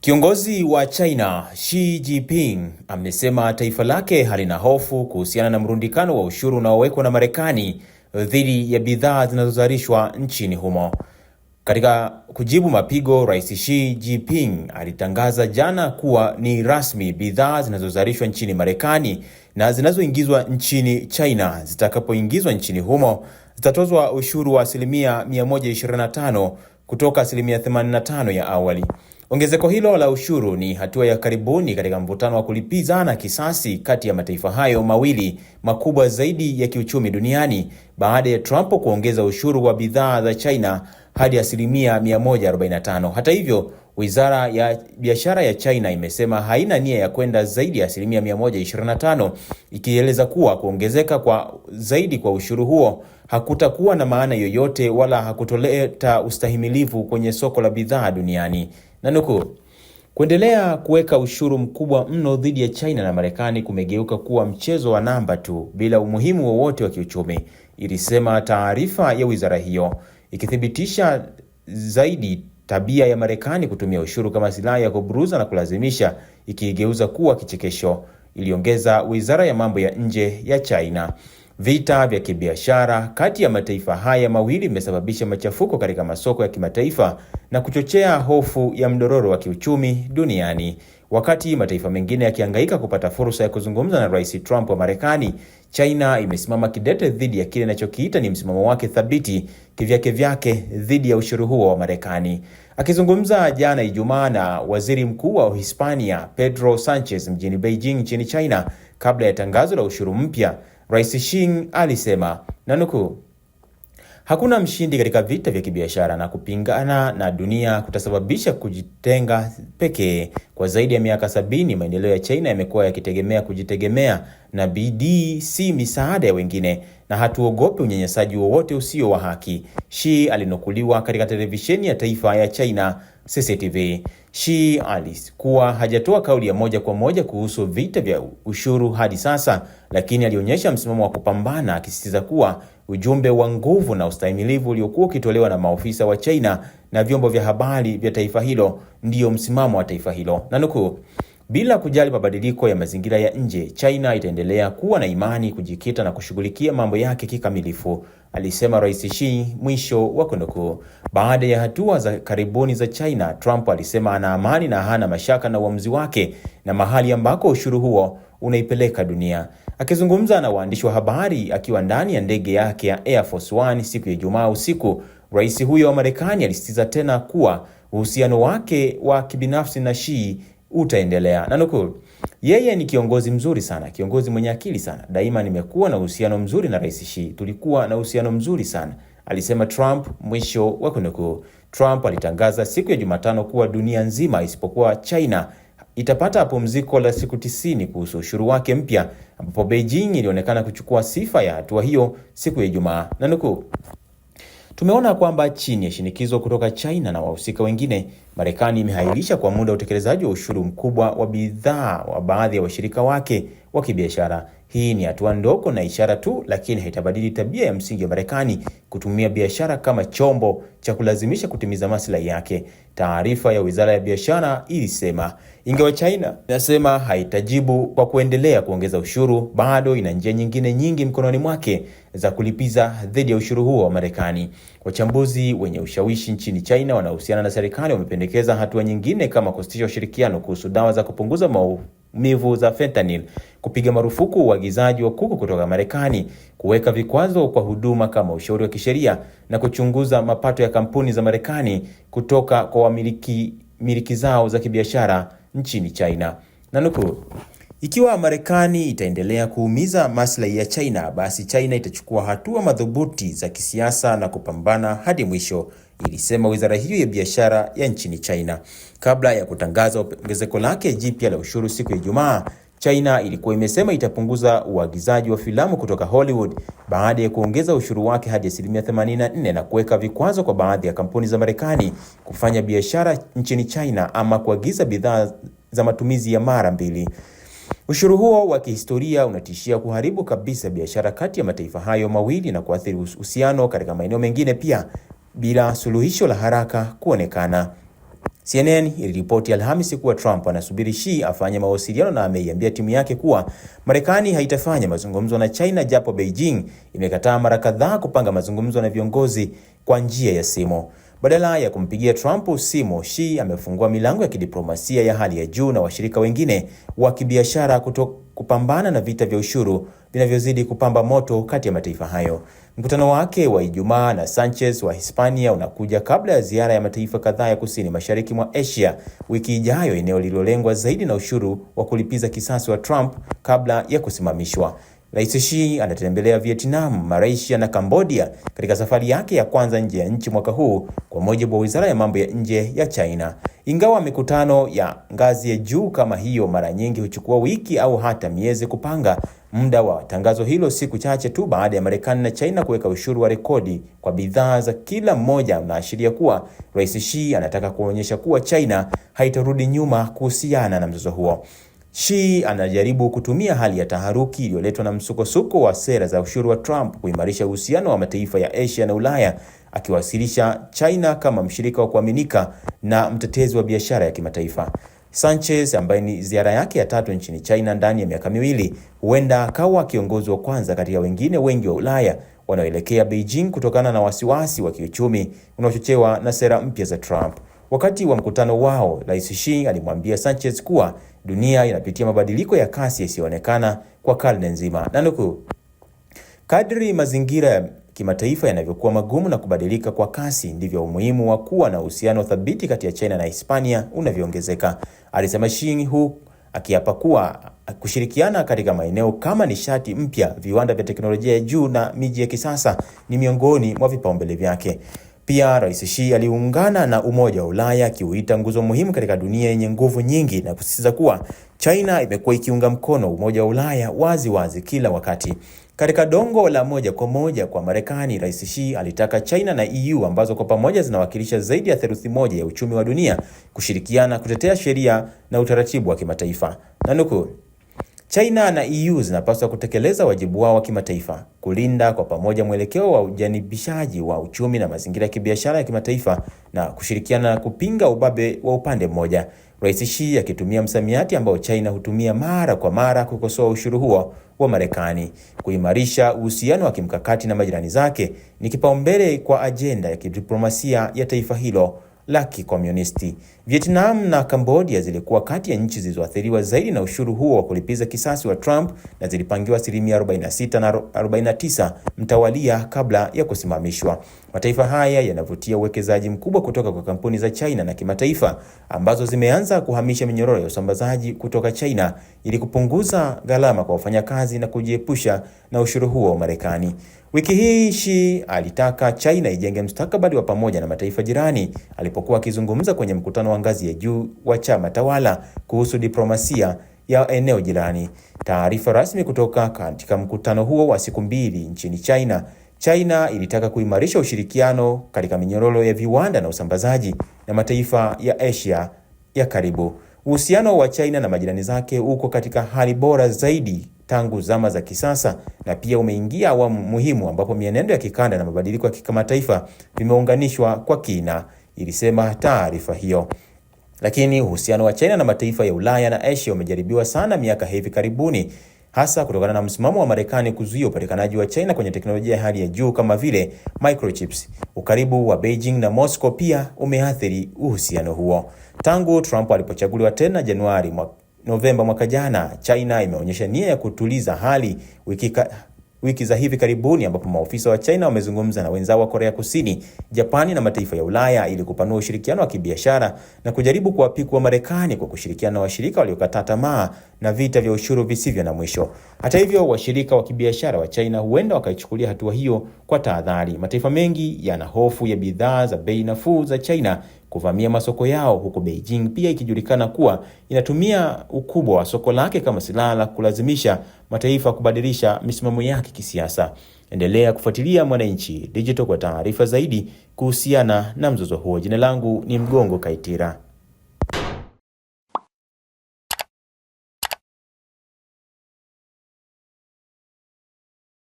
Kiongozi wa China Xi Jinping amesema taifa lake halina hofu kuhusiana na mrundikano wa ushuru unaowekwa na Marekani dhidi ya bidhaa zinazozalishwa nchini humo. Katika kujibu mapigo, Rais Xi Jinping alitangaza jana kuwa ni rasmi bidhaa zinazozalishwa nchini Marekani na zinazoingizwa nchini China zitakapoingizwa nchini humo zitatozwa ushuru wa asilimia 125 kutoka asilimia 85 ya awali. Ongezeko hilo la ushuru ni hatua ya karibuni katika mvutano wa kulipizana kisasi kati ya mataifa hayo mawili makubwa zaidi ya kiuchumi duniani baada ya Trump kuongeza ushuru wa bidhaa za China hadi asilimia 145. Hata hivyo, Wizara ya Biashara ya China imesema haina nia ya kwenda zaidi ya asilimia 125, ikieleza kuwa kuongezeka kwa zaidi kwa ushuru huo hakutakuwa na maana yoyote wala hakutoleta ustahimilivu kwenye soko la bidhaa duniani. Nanukuu, kuendelea kuweka ushuru mkubwa mno dhidi ya China na Marekani kumegeuka kuwa mchezo wa namba tu bila umuhimu wowote wa, wa kiuchumi, ilisema taarifa ya wizara hiyo, ikithibitisha zaidi tabia ya Marekani kutumia ushuru kama silaha ya kuburuza na kulazimisha, ikiigeuza kuwa kichekesho, iliongeza wizara ya mambo ya nje ya China. Vita vya kibiashara kati ya mataifa haya mawili vimesababisha machafuko katika masoko ya kimataifa na kuchochea hofu ya mdororo wa kiuchumi duniani. Wakati mataifa mengine yakihangaika kupata fursa ya kuzungumza na Rais Trump wa Marekani, China imesimama kidete dhidi ya kile inachokiita ni msimamo wake thabiti kivyake vyake dhidi ya ushuru huo wa Marekani. Akizungumza jana Ijumaa na Waziri Mkuu wa hispania Pedro Sanchez mjini Beijing nchini China kabla ya tangazo la ushuru mpya, Rais Xi alisema nanuku Hakuna mshindi katika vita vya kibiashara na kupingana na dunia kutasababisha kujitenga pekee. Kwa zaidi ya miaka sabini, maendeleo ya China yamekuwa yakitegemea kujitegemea na bidii, si misaada ya wengine, na hatuogopi unyanyasaji wowote usio wa haki. Xi alinukuliwa katika televisheni ya taifa ya China CCTV. Xi alikuwa hajatoa kauli ya moja kwa moja kuhusu vita vya ushuru hadi sasa, lakini alionyesha msimamo wa kupambana, akisisitiza kuwa ujumbe wa nguvu na ustahimilivu uliokuwa ukitolewa na maofisa wa China na vyombo vya habari vya taifa hilo ndiyo msimamo wa taifa hilo na bila kujali mabadiliko ya mazingira ya nje, China itaendelea kuwa na imani, kujikita na kushughulikia mambo yake kikamilifu, alisema Rais Xi, mwisho wa kunukuu. Baada ya hatua za karibuni za China, Trump alisema ana amani na hana mashaka na uamuzi wake na mahali ambako ushuru huo unaipeleka dunia. Akizungumza na waandishi wa habari akiwa ndani ya ndege yake ya Air Force One siku ya Ijumaa usiku, rais huyo wa Marekani alisisitiza tena kuwa uhusiano wake wa kibinafsi na Xi utaendelea. Na nukuu, yeye ni kiongozi mzuri sana, kiongozi mwenye akili sana. Daima nimekuwa na uhusiano mzuri na Rais Xi, tulikuwa na uhusiano mzuri sana, alisema Trump, mwisho wa kunukuu. Trump alitangaza siku ya Jumatano kuwa dunia nzima isipokuwa China itapata pumziko la siku tisini kuhusu ushuru wake mpya, ambapo Beijing ilionekana kuchukua sifa ya hatua hiyo siku ya Ijumaa, na nukuu Tumeona kwamba chini ya shinikizo kutoka China na wahusika wengine, Marekani imehairisha kwa muda utekelezaji wa ushuru mkubwa wa bidhaa wa baadhi ya washirika wake wa kibiashara hii ni hatua ndogo na ishara tu, lakini haitabadili tabia ya msingi ya Marekani kutumia biashara kama chombo cha kulazimisha kutimiza maslahi yake, taarifa ya Wizara ya Biashara ilisema. Ingawa China inasema haitajibu kwa kuendelea kuongeza ushuru, bado ina njia nyingine nyingi mkononi mwake za kulipiza dhidi ya ushuru huo wa Marekani. Wachambuzi wenye ushawishi nchini China wanaohusiana na serikali wamependekeza hatua nyingine kama kusitisha ushirikiano kuhusu dawa za kupunguza mau mivu za fentanyl, kupiga marufuku uagizaji wa kuku kutoka Marekani, kuweka vikwazo kwa huduma kama ushauri wa kisheria na kuchunguza mapato ya kampuni za Marekani kutoka kwa wamiliki miliki zao za kibiashara nchini China. Nanukuu, ikiwa Marekani itaendelea kuumiza maslahi ya China, basi China itachukua hatua madhubuti za kisiasa na kupambana hadi mwisho ilisema wizara hiyo ya biashara ya nchini China. Kabla ya kutangaza ongezeko lake jipya la ushuru siku ya Ijumaa, China ilikuwa imesema itapunguza uagizaji wa filamu kutoka Hollywood baada ya kuongeza ushuru wake hadi asilimia 84 na kuweka vikwazo kwa baadhi ya kampuni za Marekani kufanya biashara nchini China ama kuagiza bidhaa za matumizi ya mara mbili. Ushuru huo wa kihistoria unatishia kuharibu kabisa biashara kati ya mataifa hayo mawili na kuathiri uhusiano katika maeneo mengine pia bila suluhisho la haraka kuonekana. CNN iliripoti Alhamisi kuwa Trump anasubiri Xi afanye mawasiliano na ameiambia timu yake kuwa Marekani haitafanya mazungumzo na China japo Beijing imekataa mara kadhaa kupanga mazungumzo na viongozi kwa njia ya simu. Badala ya kumpigia Trump simu, Xi amefungua milango ya kidiplomasia ya hali ya juu na washirika wengine wa kibiashara kupambana na vita vya ushuru vinavyozidi kupamba moto kati ya mataifa hayo. Mkutano wake wa Ijumaa na Sanchez wa Hispania unakuja kabla ya ziara ya mataifa kadhaa ya kusini mashariki mwa Asia wiki ijayo, eneo lililolengwa zaidi na ushuru wa kulipiza kisasi wa Trump kabla ya kusimamishwa. Rais Xi anatembelea Vietnam, Malaysia na Cambodia katika safari yake ya kwanza nje ya nchi mwaka huu kwa mujibu wa Wizara ya Mambo ya Nje ya China. Ingawa mikutano ya ngazi ya juu kama hiyo mara nyingi huchukua wiki au hata miezi kupanga, muda wa tangazo hilo siku chache tu baada ya Marekani na China kuweka ushuru wa rekodi kwa bidhaa za kila mmoja unaashiria kuwa Rais Xi anataka kuonyesha kuwa China haitarudi nyuma kuhusiana na mzozo huo. Xi anajaribu kutumia hali ya taharuki iliyoletwa na msukosuko wa sera za ushuru wa Trump kuimarisha uhusiano wa mataifa ya Asia na Ulaya, akiwasilisha China kama mshirika wa kuaminika na mtetezi wa biashara ya kimataifa. Sanchez ambaye ni ziara yake ya tatu nchini China ndani ya miaka miwili, huenda akawa kiongozi wa kwanza kati ya wengine wengi wa Ulaya wanaoelekea Beijing kutokana na wasiwasi wa kiuchumi unaochochewa na sera mpya za Trump. Wakati wa mkutano wao, Rais Xi alimwambia Sanchez kuwa dunia inapitia mabadiliko ya kasi yasiyoonekana kwa karne nzima. Nanuku, kadri mazingira ya kimataifa yanavyokuwa magumu na kubadilika kwa kasi, ndivyo umuhimu wa kuwa na uhusiano thabiti kati ya China na Hispania unavyoongezeka, alisema Xi, hu akiapa kuwa kushirikiana katika maeneo kama nishati mpya, viwanda vya teknolojia ya juu na miji ya kisasa ni miongoni mwa vipaumbele vyake. Pia Rais Xi aliungana na Umoja wa Ulaya akiuita nguzo muhimu katika dunia yenye nguvu nyingi na kusisitiza kuwa China imekuwa ikiunga mkono Umoja wa Ulaya wazi wazi kila wakati. Katika dongo la moja kwa moja kwa Marekani, Rais Xi alitaka China na EU ambazo kwa pamoja zinawakilisha zaidi ya theluthi moja ya uchumi wa dunia kushirikiana kutetea sheria na utaratibu wa kimataifa. Nanukuu, China na EU zinapaswa kutekeleza wajibu wao wa kimataifa, kulinda kwa pamoja mwelekeo wa ujanibishaji wa uchumi na mazingira ya kibiashara ya kimataifa na kushirikiana na kupinga ubabe wa upande mmoja. Rais Xi akitumia msamiati ambao China hutumia mara kwa mara kukosoa ushuru huo wa Marekani. Kuimarisha uhusiano wa kimkakati na majirani zake ni kipaumbele kwa ajenda ya kidiplomasia ya taifa hilo la kikomunisti. Vietnam na Cambodia zilikuwa kati ya nchi zilizoathiriwa zaidi na ushuru huo wa kulipiza kisasi wa Trump na zilipangiwa asilimia 46 na 49 mtawalia kabla ya kusimamishwa. Mataifa haya yanavutia uwekezaji mkubwa kutoka kwa kampuni za China na kimataifa ambazo zimeanza kuhamisha minyororo ya usambazaji kutoka China ili kupunguza gharama kwa wafanyakazi na kujiepusha na ushuru huo wa Marekani. Wiki hii Xi alitaka China ijenge mustakabali wa pamoja na mataifa jirani alipokuwa akizungumza kwenye mkutano wa ngazi ya juu wa chama tawala kuhusu diplomasia ya eneo jirani. Taarifa rasmi kutoka katika mkutano huo wa siku mbili nchini China, China ilitaka kuimarisha ushirikiano katika minyororo ya viwanda na usambazaji na mataifa ya Asia ya karibu. Uhusiano wa China na majirani zake uko katika hali bora zaidi tangu zama za kisasa na pia umeingia awamu muhimu ambapo mienendo ya kikanda na mabadiliko ya kimataifa vimeunganishwa kwa kina, ilisema taarifa hiyo. Lakini uhusiano wa China na mataifa ya Ulaya na Asia umejaribiwa sana miaka hivi karibuni, hasa kutokana na msimamo wa Marekani kuzuia upatikanaji wa China kwenye teknolojia ya hali ya juu kama vile microchips. Ukaribu wa Beijing na Moscow pia umeathiri uhusiano huo tangu Trump alipochaguliwa tena Januari mwaka Novemba mwaka jana, China imeonyesha nia ya kutuliza hali wiki, ka, wiki za hivi karibuni ambapo maofisa wa China wamezungumza na wenzao wa Korea Kusini, Japani na mataifa ya Ulaya ili kupanua ushirikiano wa kibiashara na kujaribu kuwapikwa Marekani kwa kushirikiana na washirika waliokataa tamaa na vita vya ushuru visivyo na mwisho. Hata hivyo, washirika wa kibiashara wa China huenda wakaichukulia hatua hiyo kwa tahadhari. Mataifa mengi yana hofu ya bidhaa za bei nafuu za China kuvamia masoko yao, huku Beijing pia ikijulikana kuwa inatumia ukubwa wa soko lake kama silaha la kulazimisha mataifa kubadilisha misimamo yake kisiasa. Endelea kufuatilia Mwananchi Digital kwa taarifa zaidi kuhusiana na mzozo huo. Jina langu ni Mgongo Kaitira.